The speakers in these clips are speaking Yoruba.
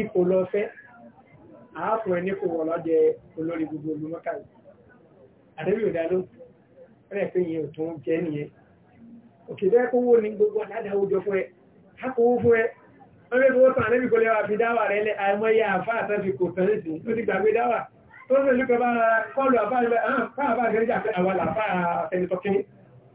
ipò lọ fẹ́ àáfò ẹni kò wọ̀ lọ́jẹ́ olórí gbogbo olùmọ́kà yìí àdébí ò dá ló rẹ̀ pé yẹn ò tún jẹ́ nìyẹn òkè bẹ́ẹ̀ kówó ní gbogbo àdádáwó jọ fún ẹ kákòó fún ẹ wọ́n lè fowó tán àdébí kò lè wà fi dáwà rẹ lẹ àìmọye àfá àtàn fi kò tán nísìn ó ti gbàgbé dáwà tó ń lè bá kọlù àfá àgbẹ̀ àwọn ah, àfá àgbẹ̀ jà pé àwa làfá àfẹnitọ́kín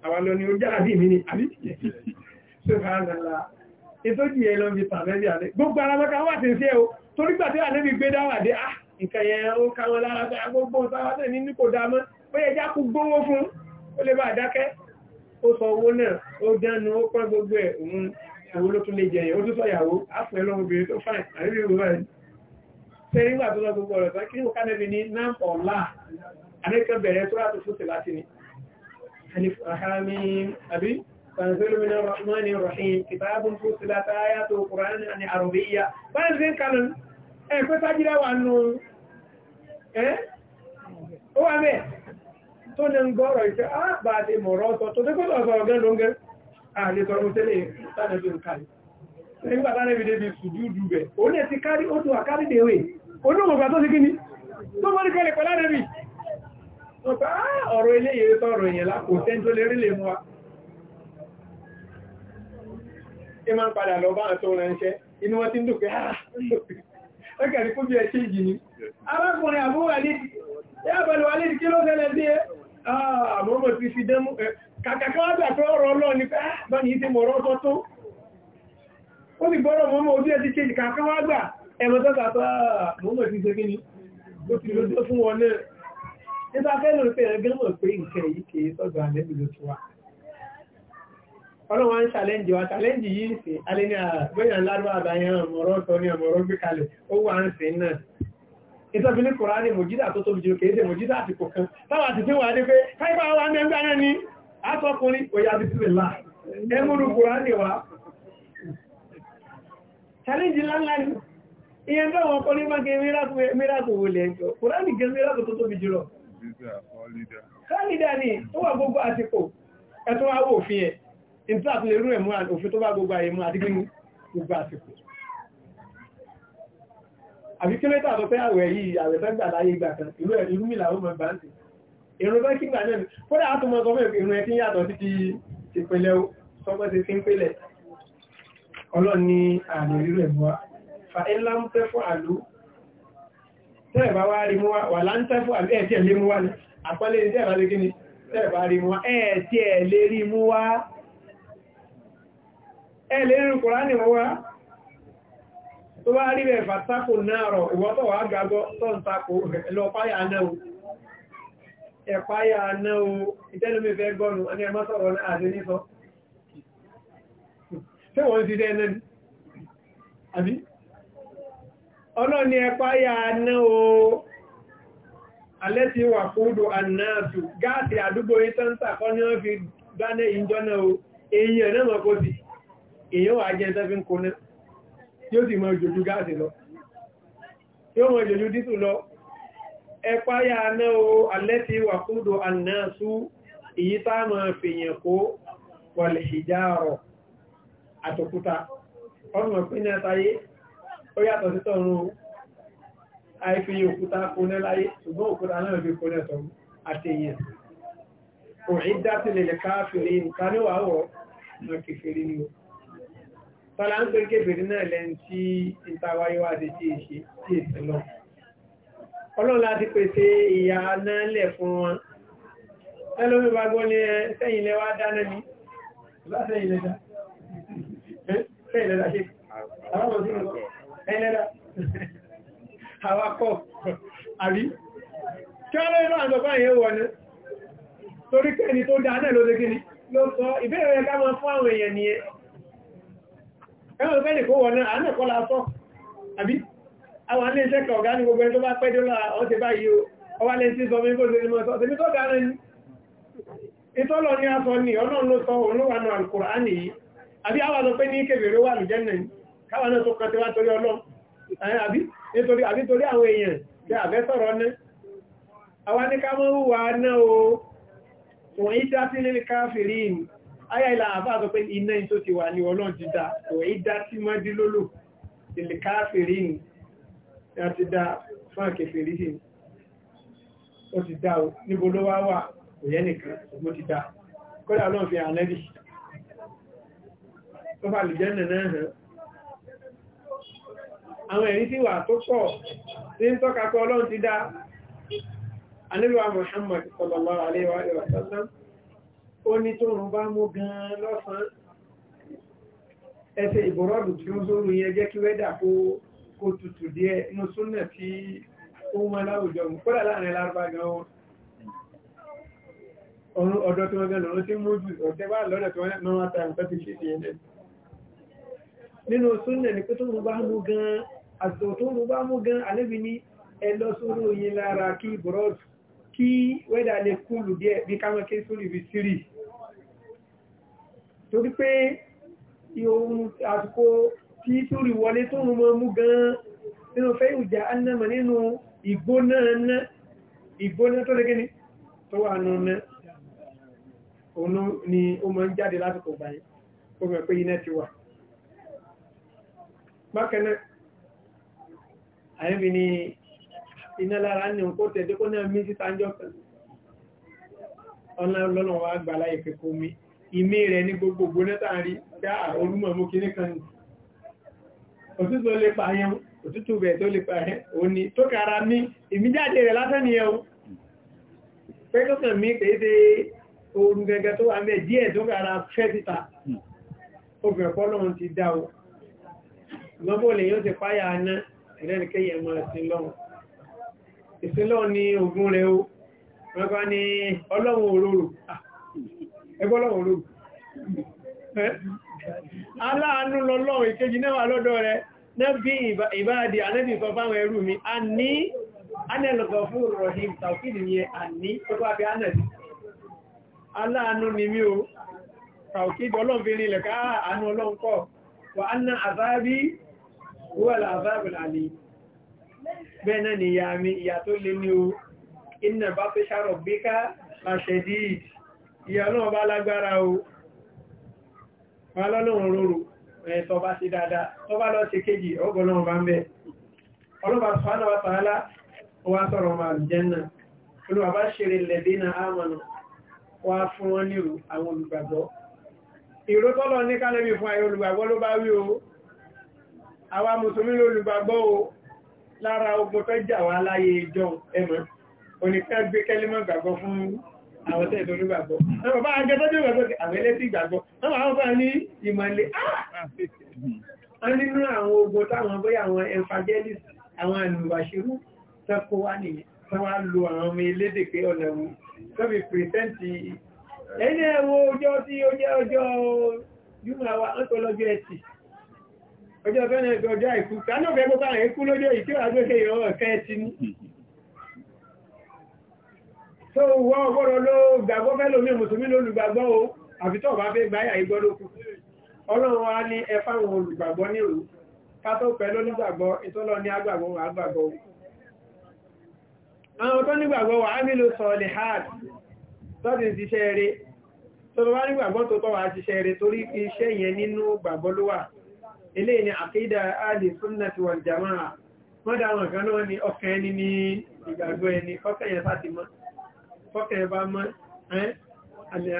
àwa lọ ni ó jára bí mi ni àbí ètò jì ẹ lọ́n fi tàn lẹ́bí àlẹ́ gbogbo ara mọ́ta wà sí sí ẹ o torí gbà tí àlẹ́bí gbé dáwàdé ah nǹkan yẹn ó ká wọn lára pé agbógbó sáwátẹ̀ ní ní kò dá mọ́ pé ẹjá kú gbówó fún ó lè bá dákẹ́ ó sọ owó náà ó dánu ó pọ́n gbogbo ẹ̀ òun owó ló tún lè jẹ yẹn ó tún sọ̀yàwó áfún ẹ lọ́wọ́ obìnrin tó fáìn àríwí ìwé rẹ̀ ṣe nígbà tó sọ gbogbo ọ̀rọ̀ tán kí ó kánẹ́bí ní nam ọ̀la àdékan bẹ̀rẹ̀ tó rà تنزيل من الرحمن الرحيم كتاب فصلت آياته قرآن عربية بنزين كان ẹ pé tájílá wà nù ẹ́ ó wà mẹ́ tó ní ń gọ́rọ̀ ìfẹ́ àbà àti mọ̀rọ̀ ọ̀tọ̀ tó tí kó lọ sọ̀rọ̀ gẹ́rùn gẹ́rùn ààrẹ sọ̀rọ̀ mọ́tẹ́lẹ̀ tánàbí ń kárí nígbà tánàbí débi sùdúdú bẹ̀ ó ní ti kárí ó tún àkárí dèwé onímọ̀gbà tó sí kíní tó mọ́ ní kẹ́lẹ̀ pẹ̀lá tí máa ń padà lọ bá àtọ́ ránṣẹ́ inú wọn ti ń dùn pé ọkàrí ah! kó bí ẹ ṣe jì ní arákùnrin àbúwàlẹ́dì kí ló tẹ́lẹ̀ sí ẹ àbúrúmọ̀ ah, ti fi dẹ́mú kàkàkọ́wàgbà tó ọ̀rọ̀ ọlọ́ ní pé ah, báyìí tí mọ̀ rọ́tọ́ tó ó sì gbọ́rọ̀ mọ́mọ́ ojú ẹ̀ ti ṣe kàkàkọ́wàgbà ẹmọ́tọ́ta tó mọ́mọ́ ti ṣe kí ni ó ti lójú fún wọn ọlọ́wọ́ ń ṣàlẹ́ǹjì wa ṣàlẹ́ǹjì yìí sí alẹ́ni àgbẹ́yà ńlárúwà àbáyán ọmọrọ́ sọ ní ọmọrọ́ gbé kalẹ̀ ó wà ń sin náà ìtọ́bí ní kòránì mòjídà tó tóbi jù kéèdè mòjídà àtìkò kan táwà ti tí wà ní pé káìpá wa ni ó wà gbogbo àtìkò àwọ̀ òfin ẹ̀ in fact lè rú ẹ̀mú òfin tó bá gbogbo àyèmú àti gbínú gbogbo àsìkò àfi kí lẹ́tà tó pẹ́ àwẹ̀ yìí àwẹ̀ tẹ́gbà láyé ìgbà kan ìlú ẹ̀ ìlú mìlà ó mọ̀ bá ń tì ìrún bẹ́ kígbà náà kódà á tún mọ sọ fún ìrún ẹ tí yàtọ̀ sí ti ìpínlẹ̀ sọpọ́ ti fi ń pélẹ̀ ọlọ́run ní àmì rírú ẹ̀mú wa fa ńlá ń tẹ́ fún àlú tẹ́ẹ̀ bá wá rí wa wà lá ń tẹ́ fún àlú ẹ̀ tí ẹ̀ lé mú wa ni àpọ́lé ní tẹ́ẹ̀ bá lé kí ni tẹ́ẹ̀ wa ẹ̀ tí ẹ̀ lé rí mú wa ẹ̀lẹ́ ìrìn kùránì wọ́wá tó bá rí bẹ̀ẹ̀fà tako náà rọ̀ ìwọ́tọ̀ wà gbàgbọ́ tó ń tako lọ páyà náà ẹ̀páyà náà ìtẹ́lómi fẹ́ gọ́nù ẹni ẹmọ́ sọ̀rọ̀ alẹ́ ti wà fúdù ànáàtù gáàsì àdúgbò kọ́ ní sí èyàn wà jẹ́ ẹ̀sẹ́ fi ń kóná tí ó sì mọ ìjòjú gáàsì lọ tí ó mọ ìjòjú dítù lọ ẹpáyà náà o alẹ́ ti wà kúndò àná sú èyí táàmà fèèyàn kó wàlẹ̀ ìjáàrọ̀ àtòkúta ọmọ pínlẹ̀ táyé ó yàtọ̀ sí tọ̀run àìfi òkúta káàfèrè nǹkan ọmọ kèfèrè ni ó Tọ́lá ń pè kébèrè náà lẹ́n tí ìtawáyéwádé tí èṣe tí èṣe lọ. Ọlọ́run láti pèsè ìyà náà lẹ̀ fún wọn. Ẹlómi bá gbọ́ ní sẹ́yìn lẹ́wà dáná ní. Sẹ́yìn lẹ́dá. Sẹ́yìn lẹ́dá ṣe. Àwọn ọmọ sí ọkọ̀. Ẹ̀yìn lẹ́dá. Àwakọ̀. Àbí? Kí ọlọ́run náà àjọpá yẹn wọ̀ ní? Torí pé ẹni tó dáná ló lé kí ni? Ló sọ ìbéèrè ẹwọ́n fẹ́ lè kó wọ̀n náà àánẹ̀kọ́ la sọ àbí àwọn alẹ́ iṣẹ́ kan ọ̀gá ní gbogbo ẹni tó bá pẹ́ dọ́là ọ̀sẹ̀ báyìí o ọwá lè ti sọ mi bó ṣe mọ́ sọ tèmi tó dára ní ìtọ́lọ ní aṣọ ní ọ̀nà ló sọ òun ló wà nù Al-Kùránì yìí àbí àwọn àlọ́ pé ní ayáìlà àbá sọ pé iná tó ti wà ní ọlọ́n ti dá kò í dá sí mọ́dí lólò ìlẹ̀ká fèrè ní láti dá fáàkì fèrè sí ó ti dá o níbo ló wá wà kò yẹ́ nìkan mo ti dá kódà ọlọ́n fi ànẹ́bì tó bá lè jẹ́ nàná àwọn ẹ̀rí Muhammad sallallahu alaihi wa ó ní tó rùn bá mú gan lọ́sàn ẹsẹ̀ ìbòrọ́dù tí ó sóòrùn yẹn jẹ́ kí wẹ́dà kó tutù díẹ̀ inú súnà tí ó wọn láwùjọ mú kódà láàrin lárúbá gan wọn ọ̀run tí wọ́n gan lọ́rún tí mú jù ọ̀tẹ́ wà lọ́dọ̀ tí wọ́n máa ta nǹkan ti ṣe ṣe ẹ̀nẹ́ nínú súnà ni pé tó rùn bá mú gan àtò tó rùn bá mú gan àlébi ní ẹ lọ sóòrùn yẹn lára kí ìbòrọ́dù kí wẹ́dà lè kúlù díẹ̀ bí ká mọ́ kí sóòrùn ibi torí pé ohun àsìkò tí túrì wọlé tó rùn mọ́ mú gan nínú fẹ́ ìjà annama nínú ìgbóná tó lẹ́gẹ́ ni tó wà nù ná ni ó mọ́ ń jáde lásìkò báyìí ó mọ̀ pé iná ti wà bákanáà àyẹ́bì ni iná lára ní òun kó tẹ̀dé kó náà mí síta ń jọ́ kan ọ̀nà lọ́nà wa gbà láyé pé kó mí ìmé rẹ̀ ní gbogbo gbónátàrí dá orúmọ̀ mú kìí kan òtútù lè pààyàn òtútù bẹ̀ tó lè pààyàn òní tó kára ni ẹun pẹ́kọ̀kàn mí kéde oorun gẹ́gẹ́ tó wà mẹ́ díẹ̀ tó kára fẹ́ síta obìnrin pọ́lọ́run ti dá o lọ́bọ̀ lè yóò ti páyà aná ìrẹ́nikẹ́yẹ mọ́ ìsinlọ́run ìsinlọ́run ni ogun rẹ̀ o wọ́n bá ní ọlọ́run òróró ẹgbọ́lọ̀ òru aláàánú lọ́lọ́run ìkejì náà lọ́dọ̀ rẹ̀ nẹ́bí ìbáadì anẹ́bí sọ fáwọn ẹrú mi a ní anẹ́lọ́gọ́ fún rọ̀hìm tàwíìdì yẹn a ní tó bá bí anẹ́bí aláàánú ni mí o tàwíìdì ọlọ́run fi rinlẹ̀ ká àánú ọlọ́run kọ́ wà á ná àzábí wọ́lá àzábì lálẹ́ ní o ìyà náà bá lágbára o wọn lọ́lọ́run rorò ẹ̀tọ́ bá ṣe dáadáa tó bá lọ ṣe kéjì ọgbọ̀lọ́run bá ń bẹ́ ọlọ́bàá sọ́nà wà tààlá wà sọ̀rọ̀ màá jẹ́nà olùwà bá ṣeré lẹ̀dínà àmànà wà fún wọn nírò àwọn olùgbàgbọ́ ìró tọ́lọ̀ ní kálẹ́bí fún ayé olùgbàgbọ́ ló bá wí o àwa mùsùlùmí olùgbàgbọ́ o lára ogun tó jà wá láyé ìjọ ẹ̀mọ́ oníkẹ́ gbé kẹ́límọ̀ gbàgbọ́ fún àwọn tẹ́ ìtò onígbàgbọ́ ẹgbẹ̀ bá agẹ́tọ́ bí ìgbàgbọ́ àwọn ẹlẹ́sì ìgbàgbọ́ ah! wọ́n máa bá ní ìmọ̀lẹ̀ àà nínú àwọn ogun táwọn bóyá àwọn evangelist àwọn àlùwàṣírú tẹ́kọ́ wá nìyẹn tán wá lo àwọn ọmọ elédè pé ọ̀nà wù tọ́bi pìrìsẹ́ǹtì ẹni ẹwọ ọjọ́ tí ó jẹ́ ọjọ́ júmọ̀ wa ń tọ́lọ́jọ́ ẹtì ọjọ́ fẹ́ràn ẹgbẹ́ ọjọ́ àìkú tó wọ́ ọgbọ́rọ̀ ló gbàgbọ́ fẹ́ lómi mùsùlùmí lólùgbàgbọ́ o àfi tó bá fẹ́ gbáyà igbọ́ lókù ọlọ́run wa ní ẹ fáwọn olùgbàgbọ́ ní òru ká tó pẹ́ lónígbàgbọ́ ìtọ́lọ ní agbàgbọ́ àgbàgbọ́ àwọn tó nígbàgbọ́ wà á nílò sọ̀lẹ̀ hard tọ́dì ṣiṣẹ́ rẹ̀ tó tó bá nígbàgbọ́ tó tọ́wà ni àkídà ni ọkàn ẹni ní ìgbàgbọ́ ẹni kọ́kẹ́yẹn sátìmọ́ tọ́kẹ̀ bá mọ́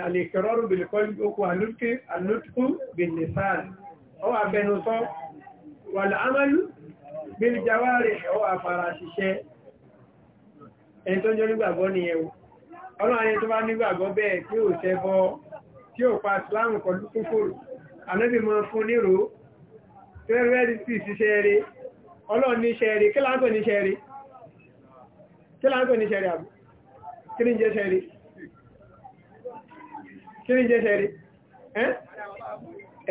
alìkẹrọrù bìlìkọ́lù okò àlútkú bìlìsáà ọwà abẹnusọ́ wà láàmàlú bìlìjáwárì ọwà àfàrà ṣiṣẹ́ ẹni tó jẹ́ nígbàgbọ́ nìyẹn ọlọ́rin tó bá nígbàgbọ́ bẹ́ẹ̀ tí ò ṣẹbọ tí ò pa islam kọlu kúkúrù ànábì mọ́ fún nírò fẹ́rẹ́rẹ́ sí ṣiṣẹ́ rẹ̀ kí ní jẹ́ sẹ́rí kí ní jẹ́ sẹ́rí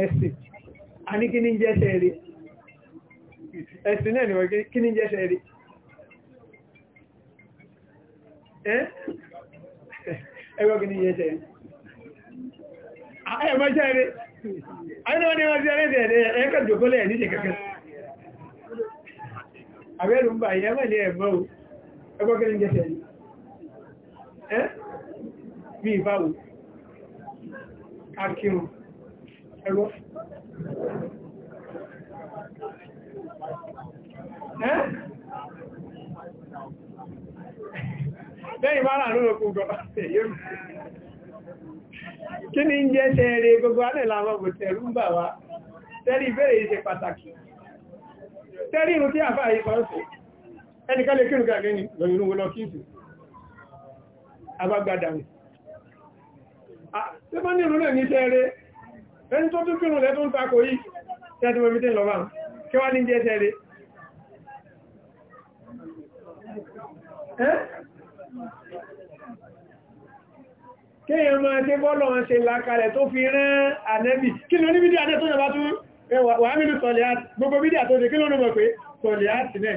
ẹ̀sìn a ní kí ní jẹ́ sẹ́rí ẹ̀sìn náà nìwọ̀n kí ní jẹ́ sẹ́rí ẹgbẹ́ kí ní jẹ́ sẹ́rí ẹ̀mọ́ sẹ́rí ẹ̀nà ni wọ́n sẹ́rí sẹ́rí ẹ̀kọ́ jòkólẹ̀ ní ṣe kẹ́kẹ́ àwẹ́rùn-ún bà yẹ́ mẹ́lẹ̀ ẹ̀mọ́ ẹgbẹ́ kí ní jẹ́ sẹ́rí ẹ́ bí ìbáwò akírun ẹ̀rọ lẹ́yìn bá rà lórí okùn kí ni ń jẹ́ tẹ́ẹ̀rẹ gbogbo alẹ́lá ọmọ tẹ̀rù ń bà wá tẹ́rì ìbẹ̀rẹ̀ ìṣẹ́ pàtàkì tẹ́rì ìrùn tí àfáà yìí kan ẹnikẹ́lẹ̀ kírùn abágbádàwẹ̀ tí ah, bá ní ìrún náà ní tẹ́ẹ̀rẹ́ ẹni tó tún kírùn lẹ́tún ń takò yìí tẹ́ẹ̀tí mọ̀ mítí lọ́wọ́ kí wá ní jẹ́ tẹ́ẹ̀rẹ́ kéèyàn máa tí bọ́lọ̀ ń ṣe lákalẹ̀ tó fi rán ànẹ́bì kí ló ní bídí àdẹ́ tó yẹ bá tún wà mílù sọ̀lẹ̀ àti gbogbo bídí àtọ́jẹ́ kí ló ní mọ̀ pé sọ̀lẹ̀ àti náà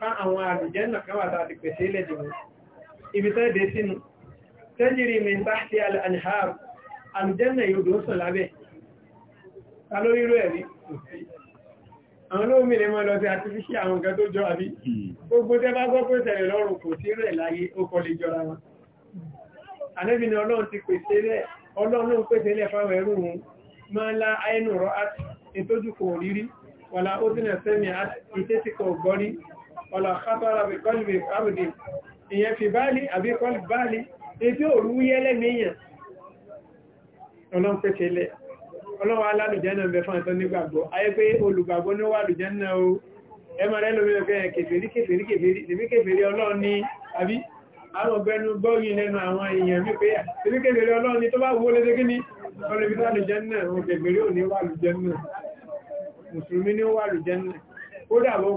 fún àwọn àlùjẹ́nà kan wà láti pèsè ilẹ̀ jù ibi tẹ́ dé sínú tẹ́jìrì min tahti al-anhar àlùjẹ́nà yóò sọ lábẹ́ ta ló ríró ẹ̀rí àwọn olóòmì lè mọ́ lọ sí àtífíṣí àwọn nǹkan tó jọ àbí gbogbo tẹ́ bá gbọ́ pé tẹ̀lẹ̀ lọ́rùn kò sí rẹ̀ láyé ó kọ lè jọra àti ìtójú kò ọ̀là kátọ́lá bí kọ́lùbì àbùdì ìyẹn fi báàlì àbí kọ́lùbì báàlì ètí òru yẹ́lẹ́ níyàn ọlọ́run pẹ̀tẹ̀ ilẹ̀ ọlọ́run alálùjẹ́nà ń bẹ fún ẹ̀tọ́ nígbàgbọ́ ayé pé olùgbàgbọ́ ní wàlùjẹ́nà o ẹmọ̀rẹ́ lórí ọgbẹ́ kèfèrí kèfèrí kèfèrí kèfèrí ọlọ́run ní àbí àwọn ọgbẹ́nu gbọ́yìn lẹ́nu àwọn èèyàn wípé kèfèrí kèfèrí ọlọ́run ní tó bá wó lédé kí ni ọlọ́run wàlùjẹ́nà òun kèfèrí ò ní wàlùjẹ́nà mùsùlùmí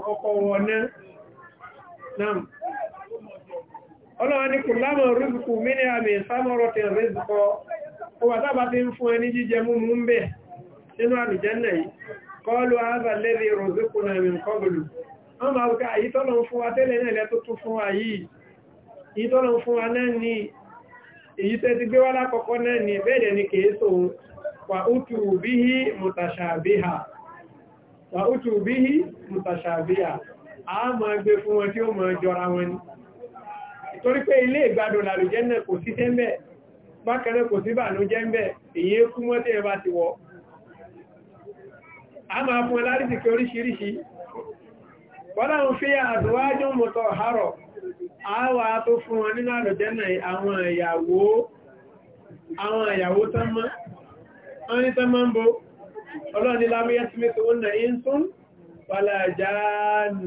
kọ́kọ́ wọ náà náà ọlọ́wọ́ ní kò lámọ̀ rúzùkú mínú àmì ìsámọ́rọ̀ tẹ̀ rúzùkọ́ ó wà sábà ti ń fún ẹni jíjẹ múmú ń bẹ̀ nínú àlùjánnà yìí kọlu ààbà lẹ́bí rọ̀zùkú náà mi kọbùlù wọ́n máa wùká àyí tọ́lọ̀ fún wa tẹ́lẹ̀ náà lẹ́tọ́ tún fún wa yìí èyí wa náà ní mutashabiha a mọ̀ ẹgbẹ́ fún wọn tí ó mọ̀ jọra wọn ni torí pé ilé ìgbádùn làlùjẹ́ náà kò sí tẹ́m̀bẹ̀ bákanẹ́ kò sí bànújẹ́ ń bẹ̀ èyí kú mọ́ tí ẹ bá ti wọ́ a máa fún ẹlárìsìkí oríṣiríṣi wọ́nà ń fi àdúwájú mọ̀tọ̀ harọ̀ àwà tó fún wọn nínú àlùjẹ́ náà ọlọ́ni lámúyẹ́ tí mẹ́tò ó nà ń tún wàlàjáàlù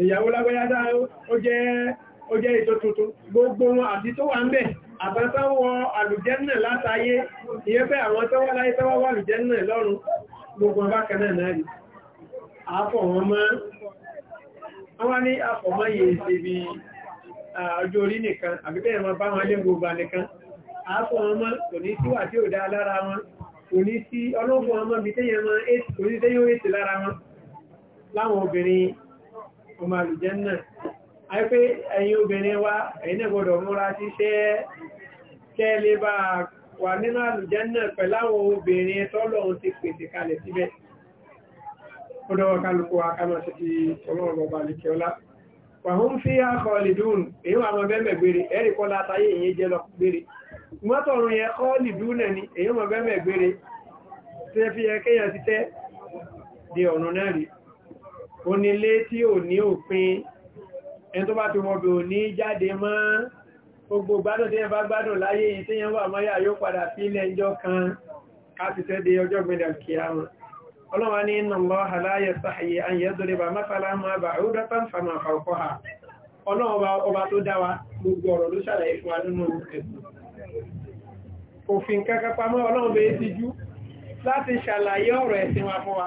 ìyàwó lágbẹ́yádá ó jẹ́ ètò tuntun gbogbo wọn àti tó wà ń bẹ̀ àbátawọ̀ àlùjẹ́nà látayé ìyẹ́ pé àwọn tó wà láyé tó wà àlùjẹ́nà lọ́run gbogbo bákanáà náà rí àápọ̀ wọn mọ́ wọ́n ní àfọ̀mọ́ yìí ṣe bí ọjọ́ orí nìkan àbíkẹ́ ẹ̀mọ́ bá wọn lé gbogbo nìkan àápọ̀ wọn mọ́ kò ní sí wà tí ò dá lára wọn kò ní sí ọlọ́pọ̀ wọn mọ́ bí tẹ́yẹ mọ́ kò ní tẹ́yẹ ó ètì lára wọn láwọn obìnrin ọmọ àlùjẹ́nà àìpé ẹ̀yin obìnrin wa ẹ̀yin náà gbọ́dọ̀ múra sí ṣẹ́ kẹ́lẹ́ bá wà nínú àlùjẹ́nà pẹ̀láwọn obìnrin tọ́lọ́run ti pèsè kalẹ̀ síbẹ̀ ọdọ́wọ́ kálukú wa ká máa ṣe ti ọlọ́run ọba àlùkẹ́ ọlá wàhún fi àkọọ̀lìdún èyí wà mọ̀ bẹ́mẹ̀ gbére ẹ̀rì kọ́ látayé èyí jẹ́ lọ gbére mọ́tọ̀rún yẹ kọ́ọ̀lìdún náà ni èyí mọ̀ bẹ́mẹ̀ gbére tẹ́ fi ẹkẹ́yàn di ọ̀run náà rí onílé tí ò ní òpin ẹni tó bá ti wọ́n bí ò ní jáde mọ́ gbogbo gbádùn tí yẹn bá gbádùn láyé yìí tí yẹn wà mọ́yà yóò padà sí ilẹ̀ ẹjọ́ kan káàtìtẹ́ de ọjọ́ gbẹ̀dẹ̀ kíyàmá ọlọ́wà ní inna Allaha la yastahi an yadriba mathalan ma ba'udatan fama wa nínú ẹ̀sùn láti ṣàlàyé ọ̀rọ̀ ẹ̀sìn wa fún wa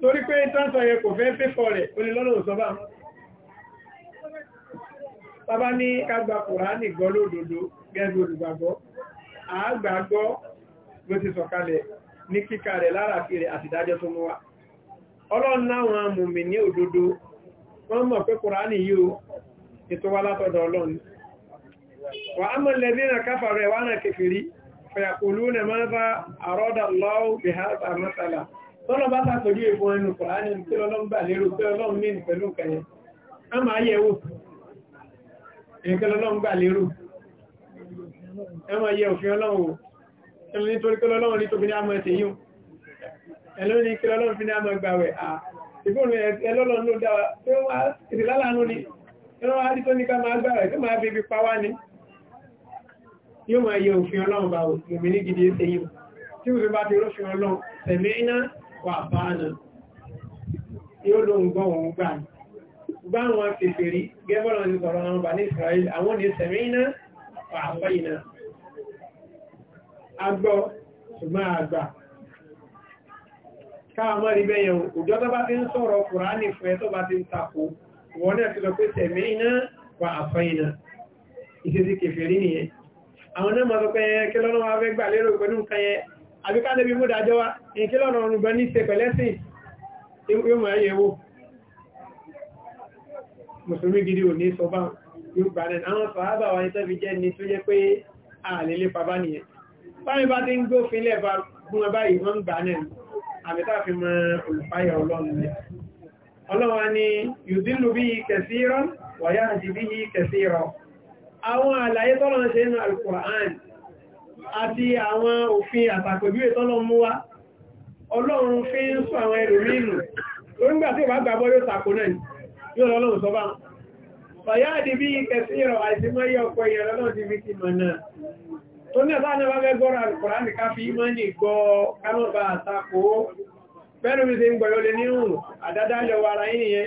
torí pé ìtànsọ̀ yẹ kò fẹ́ pẹ́kọ̀ rẹ̀ onílọ́nà òsọ́bà bàbá ní kagbà kùránì gbọ́ lódodo gẹ́gẹ́ olùgbàgbọ́ àágbàgbọ́ ló ti sọ̀kalẹ̀ ní kíkà rẹ̀ lára kiri àti tó mú wa ọlọ́run náwọn mùmí ní òdodo wọ́n mọ̀ wa na tọ́lọ bá sàtòrí èkó ẹnu kọ̀láàrin tí ọlọ́run gbà lérò tí ọlọ́run ní ìpẹ̀lú kẹyẹ a máa yẹ wò ìkẹlọ́lọ́run gbà lérò ẹ máa yẹ òfin ọlọ́run wò ẹlú nítorí kẹlọ́lọ́run ní tóbi ní àmọ́ ẹ̀tẹ̀ yíò ẹlú ní kẹlọ́lọ́run fi ní àmọ́ gbàwẹ̀ à ìfóònù ẹlọ́lọ́run ló dáwà tí ó wá ìrìlálànú ni ẹlọ́ wá rí tó ní ká máa gbàwẹ̀ tó máa fi ibi pa wá ni yóò máa yẹ òfin ọlọ́run bá wò lòmìnir gidi ẹsẹ̀ yìí tí òfin bá ti rófin ọlọ́run tẹ̀mí iná wà bá náà yóò lóhun gbọ́ wọn gbà ní gbá wọn kèfè rí gẹ́bọ́lọ́ ní sọ̀rọ̀ àwọn bà ní Israel àwọn ní sẹ̀mí iná wà àpá iná agbọ́ ṣùgbọ́n àgbà káà mọ́ rí bẹ́yẹn òjò tó bá ti ń sọ̀rọ̀ Kùránì fún ẹ tó bá ti ń tako wọ́n náà ti lọ pé sẹ̀mí iná wà àpá iná ìṣesí kèfè rí nìyẹn àwọn náà mọ́ sọ pé kí lọ́nà wá fẹ́ gbà lérò pẹ̀lú nǹkan yẹn àbí ká lẹ́bí mú dájọ́ wá ìkí lọ́nà ọ̀rùn gbọ́n ní ṣe pẹ̀lẹ́sìn yóò mọ̀ ẹ̀yẹ̀wò mùsùlùmí gidi ò ní sọ bá yóò gbà náà àwọn sọ̀hábà wa ní tẹ́fi jẹ́ ní tó jẹ́ pé àlélé pàbá nìyẹn àwọn àlàyé tọ́lọ́ ṣe nínú al àti àwọn òfin àtàkòjú ìtọ́lọ́mú wá ọlọ́run fi ń sọ àwọn ẹlòmí nù orígbà tí wà gbàgbọ́ yóò tàkò náà yóò lọ́lọ́run sọ bá fàyáàdì bí kẹsí ìrọ̀ àìsímọ́yẹ ọ̀pọ̀ èèyàn lọ́lọ́run ti fi ti mọ̀ náà tó ní ọ̀tá náà bẹ́ gọ́rọ̀ alùkùránì ká fi mọ́ ní gbọ́ kánọ́bà àtakò bẹ́ẹ̀rù mi ti ń gbọ́yọ́ lé níhùn àdádálẹ̀ wa ara yìí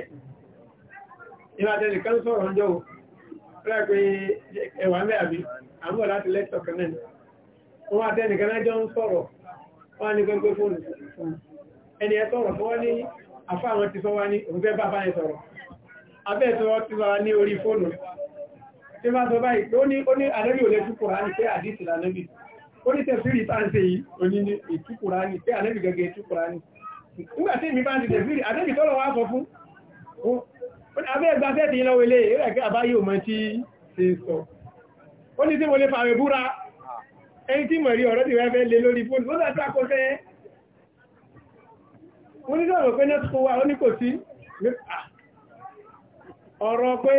lẹ́tọ̀ kan náà wọ́n àtẹ́nìkan náà jọ ń sọ̀rọ̀ wọ́n ní pẹ́pẹ́ fóònù ẹni ẹ sọ̀rọ̀ fún wọ́n ní afá àwọn ti sọ wá ní òfẹ́ bàbá ẹ sọ̀rọ̀ abẹ́ẹ̀tọ́ ti sọ wá ní orí fóònù tí máa sọ báyìí ó ní ó ní ànábì ò lè tú Kùránì pé àdìsì lànábì ó ní tẹ̀sírì bá ń ṣe yìí ó ní ìtú Kùránì pé ànábì gẹ́gẹ́ tú ẹni tí mọ̀rí ọ̀rọ̀ ti wá fẹ́ lé lórí fóònù ó dàtà kó fẹ́ wọ́n ní sọ̀rọ̀ pé nẹ́tùkú wa ó ní kò sí ọ̀rọ̀ pé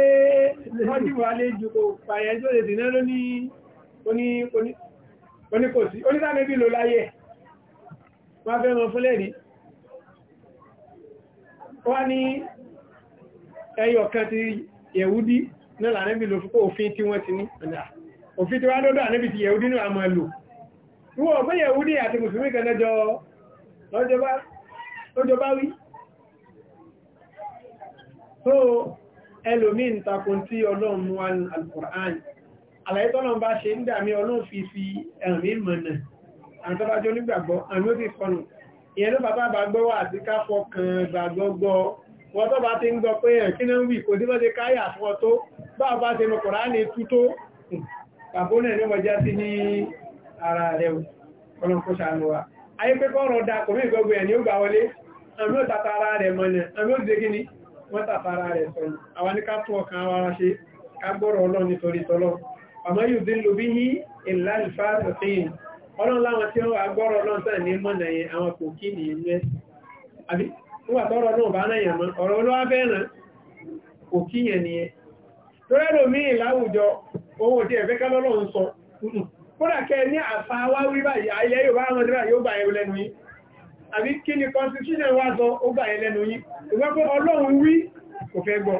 ọjíwà lè jù kò pàyẹ̀ tó lè dìná ló ní oníkò sí onítàmébí ló láyé wọ́n fẹ́ mọ fúnlẹ̀ rí wọ́n ní ẹyọ kan ti yẹ̀wúdí náà lànẹ́bí lò fún òfin tí wọ́n ti ní ọ̀nà òfin tó wá lọ́dọ̀ àníbi ti yẹ̀údí náà máa lò wọ́n pẹ́ yẹ̀údí àti mùsùlùmí kan lọ́jọ́ bá wí tó ẹlòmí ń takùn tí ọlọ́run mú wá ní alkùnrán àlàyé tọ́lọ́run bá ṣe ń dàmí ọlọ́run fi fi ẹ̀mí mọ̀nà àtọ́bájọ́ nígbàgbọ́ àmì ó fi kọnù ìyẹn ló bàbá bá gbọ́ wà àti káfọ́ kan gbàgbọ́gbọ́ wọ́n tó bá ti ń gbọ́ pé bàbá náà ló mọjá sí ní ara rẹ̀ ọlọ́nkó sàánú wa ayé pé kọ́rọ̀ da kò mí gbogbo ẹ̀ ni ó gbà wọlé àmì ó tàtà ara rẹ̀ mọ̀nà àmì ó dé gíní wọ́n tàtà ara rẹ̀ àwọn ní ká tún ọkàn ara ṣe ọlọ́run nítorí tọ́lọ́ yóò dín yí ìlà ọlọ́run láwọn tí wọ́n owó tí ẹ̀fẹ́ kálọ́lọ́ ń sọ kódà kẹ ní àfà wá wí báyìí ilẹ̀ yóò bá rán dírà yóò gbà ẹ̀ lẹ́nu yìí àbí kí ni constitution wá sọ ó gbà ẹ̀ lẹ́nu yìí ìwọ́n pé ọlọ́run wí kò fẹ́ gbọ́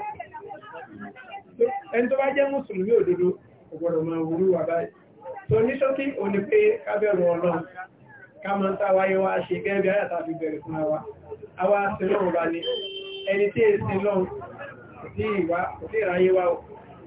ẹni tó bá jẹ́ mùsùlùmí òdodo ọgbọ̀dọ̀ máa wúrú wà báyìí tó ní ṣókí ò ní pé kábẹ̀rù ọlọ́run ká máa ń táwáyé wá ṣe gẹ́gẹ́ bí ayàtà fi bẹ̀rẹ̀ fún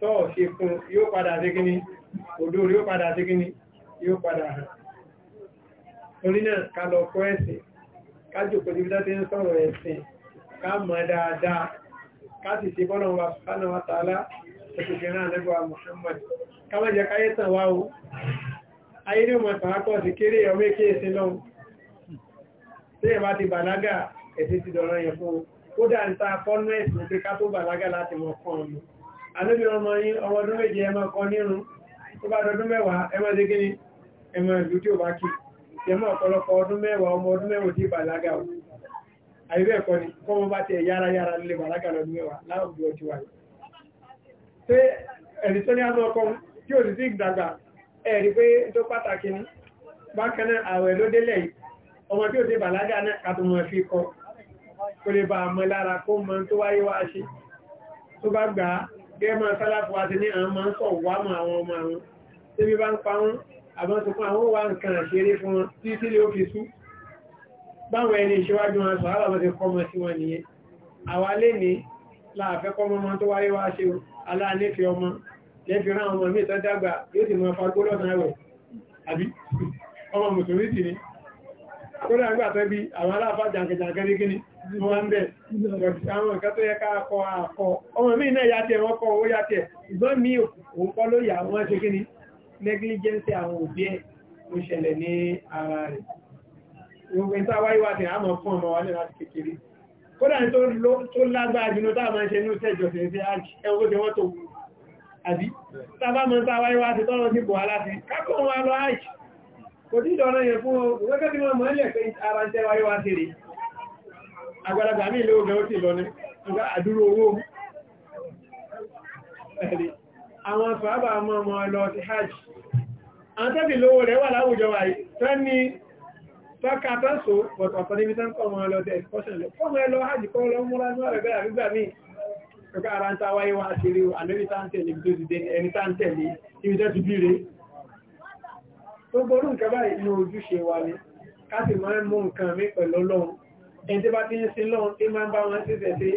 tọ́ ṣe fún yóò padà sí kíní odò yóò padà sí kíní yóò padà hàn torí náà ká lọ kọ́ ẹ̀sìn ká jòkó síbi tó ti ń sọ̀rọ̀ ẹ̀sìn ká mọ̀ dáadáa ká sì ṣe bọ́nà wa sánà wa tààlà ẹ̀sùnkẹ́ náà lẹ́gbọ́ wa Muhammad ká má jẹ́ káyé tàn wá o ayé ní ọmọ tàn ápọ̀ sí kéré ọmọ èké ẹ̀sìn lọ́hùn tí ẹ̀ bá ti bàlágà ẹ̀sìn ti dọ̀rọ̀ yẹn fún o kódà ń ta fọ́nú ẹ̀sìn pé ká tó bàlágà láti mọ̀ fún ọmọ àníbi ọmọ yí ọmọ ọdún méje ẹmọ ọkọ nírun tó bá dọdún mẹ́wàá ẹmọ dé gíní ẹmọ ìlú tí ó bá kí ẹmọ ọ̀pọ̀lọpọ̀ ọdún mẹ́wàá ọmọ ọdún mẹ́wàá tí ni kọ́mọ bá tẹ yára yára lè bàlágà lọ́dún mẹ́wàá láwùjọ ti wà ní pé ẹ̀rí tó ní àmọ́ ọkọ tí ò sì sí ìdàgbà ẹ̀rí pé tó pàtàkì ni bákan náà àwẹ̀ ló délẹ̀ yìí ọmọ tí ò sí bàlágà náà kàtùmọ̀ fi kọ kò lè bá àmọ́ lára kó mọ tó wáyé wá tó bá gbà gẹ́mọ̀ sálàpù àti ní àwọn máa ń sọ wà mọ̀ àwọn ọmọ àwọn tí bí bá ń pa wọ́n àbọ́n tó fún àwọn wà nǹkan àṣírí fún wọn tí tí lè ó fi sú báwọn ẹni ìṣíwájú wọn sọ alábọ̀ ti kọmọ sí wọn nìyẹn àwa lè ní láàfẹ́ kọmọ ọmọ tó wáyé wá ṣe aláànífẹ́ ọmọ lẹ́fi rán ọmọ mi tọ́dàgbà yóò sì mọ fagbó lọ́sàn rẹ̀ àbí ọmọ mùsùlùmí sì ni kódà ń gbà tẹ́bí àwọn aláàfà jàǹkẹ̀jàǹkẹ́ ní kíní 200 àwọn nǹkan tó yẹ ká akọ àkọ ọmọ mi náà yàtẹ̀ wọ́n kọ owó yàtẹ̀ ìgbọ́n mi òun kọ́ ló yà wọ́n ṣe kí ni negligence àwọn òbí ẹ̀ ló ṣẹlẹ̀ ní ara rẹ̀ gbogbo ìta wáyé wà a àmọ́ fún ọmọ wa ní láti kékeré kódà ní tó lágbára jùlọ tá a máa ń ṣe ní ìṣẹ́jọ́ ah, sí ẹgbẹ́ ẹgbẹ́ tí wọ́n tó wù àbí tàbá mọ́ tá wáyé wá ti tọ́rọ sí bò aláti kápọ̀ wọn lọ àìsì kò tí ìdọ̀rọ̀ yẹn fún ọgbẹ́gbẹ́ tí wọ́n mọ́ ilẹ̀ àgbàlagbà ní ilé ogun ọtí lọ ní àdúró owó ẹ̀rí àwọn sọ́ábà mọ́ ọmọ lọ sí hajj àwọn tẹ́bì lówó rẹ̀ wà láwùjọ wà yìí tẹ́ ní tọ́ka tọ́sọ ọ̀tọ̀ níbi tẹ́ ń kọ́ ọmọ lọ tẹ́ ìkọ́sẹ̀lẹ̀ Gbogbo orú nǹkan báyìí ní ojúṣe wa ni, ká sì máa ń mú nǹkan mi pẹ̀lú Ọlọ́run ẹni tí bá ti ń sin lọ́n tí máa ń bá wọn síṣẹ̀ sí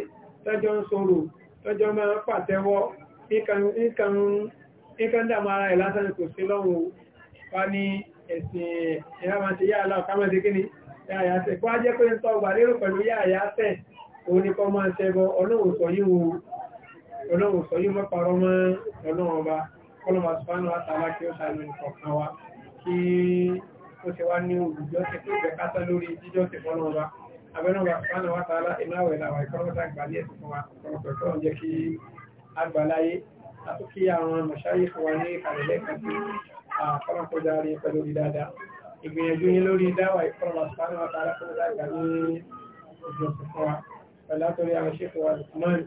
tọ́jọ́ ń sọ̀rọ̀ tọ́jọ́ máa ń pàtẹ́wọ́ nǹkan dàmú ara ẹ̀ lásán kò sí lọ́wọ́ wá ní ẹ̀sìn ìrámàtí yá aláwọ̀ ká mẹ́sí kíní yáyà tẹ̀ kó á jẹ́ pé ń tọ́ wà lérò pẹ̀lú yáyà tẹ̀ òun ni kọ́ máa ṣẹbọ ọlọ́run sọ yíò ọlọ́run sọ yíò mọ́pàárọ́ mọ́ ọlọ́run ọba abẹ́nàwà kánà wá tààlá ináwẹ̀ ìlàwà ìkọ́rọ̀ta ìgbàlẹ̀ ẹ̀sùn fún wa ọ̀pọ̀lọpọ̀ jẹ́ kí agbàláyé àtúkí àwọn mọ̀ṣáyé fún wa ní ìkàlẹ̀lẹ́ kan tí àkọ́lọ́pọ̀ dárí pẹ̀lú orí dáadáa ìgbìyànjú yín lórí dáwà ìkọ́rọ̀wà kánà wá tààlá fún wa ìgbàlẹ̀ ìjọsìn fún wa pẹ̀lú àtọ́rí àwọn ṣẹ́kù wa Lukman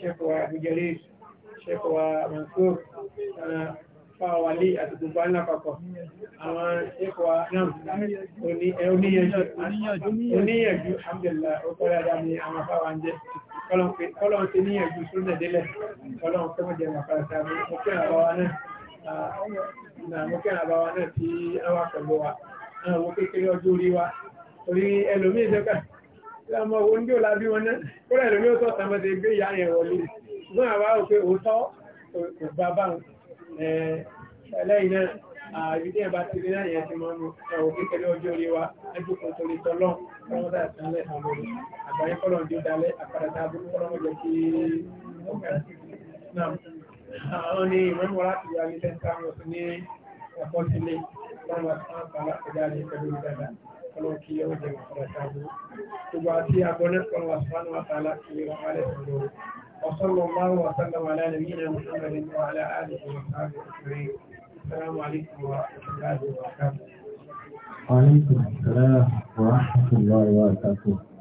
ṣẹ́kù wa Abujere Mansur fàwàlé àti gbogbo alápapọ̀ àwọn ẹ̀kọ́ eh, oníyànjú àmìlà ọkọ̀lára ni àwọn afáwà ń jẹ́ kọ́lọ̀n tí níyànjú súnlẹ̀ délẹ̀ kọ́lọ̀n tó mọ̀jẹ̀ mọ̀kàrátà mọ̀kẹ́ àbáwá náà tí àwà pẹ̀lú wa àwọn owó kékeré ọjọ́ orí wa torí ẹlòmí ìjọba láàmọ́ owó ní òlábí wọn náà kó ẹlẹ́yìn náà àbídí ẹ̀bá ti rí náà yẹn ti mọ́ mú ẹ̀wọ̀ kékeré ọjọ́ orí wa ẹjùkùn torí tọ́lọ́ ọmọ dáa tán lẹ́ àwọn olè àgbáyé kọ́lọ̀ ń jó dalẹ́ àpàdàtà abúlé kọ́lọ̀ ni ìwé mọ́ra ti wà ní lẹ́ńtà wọn sí ní ẹ̀kọ́ sílé lọ́wọ́ àpàlà ẹ̀dá ní pẹ̀lú ìdàdà kọ́lọ̀ kí ọjọ́ àpàdàtà abúlé gbogbo àti àbọ̀nẹ́ kọ́lọ̀ وصلى الله وسلم على نبينا محمد وعلى آله وصحبه أجمعين السلام عليكم ورحمة الله وبركاته وعليكم السلام ورحمة الله وبركاته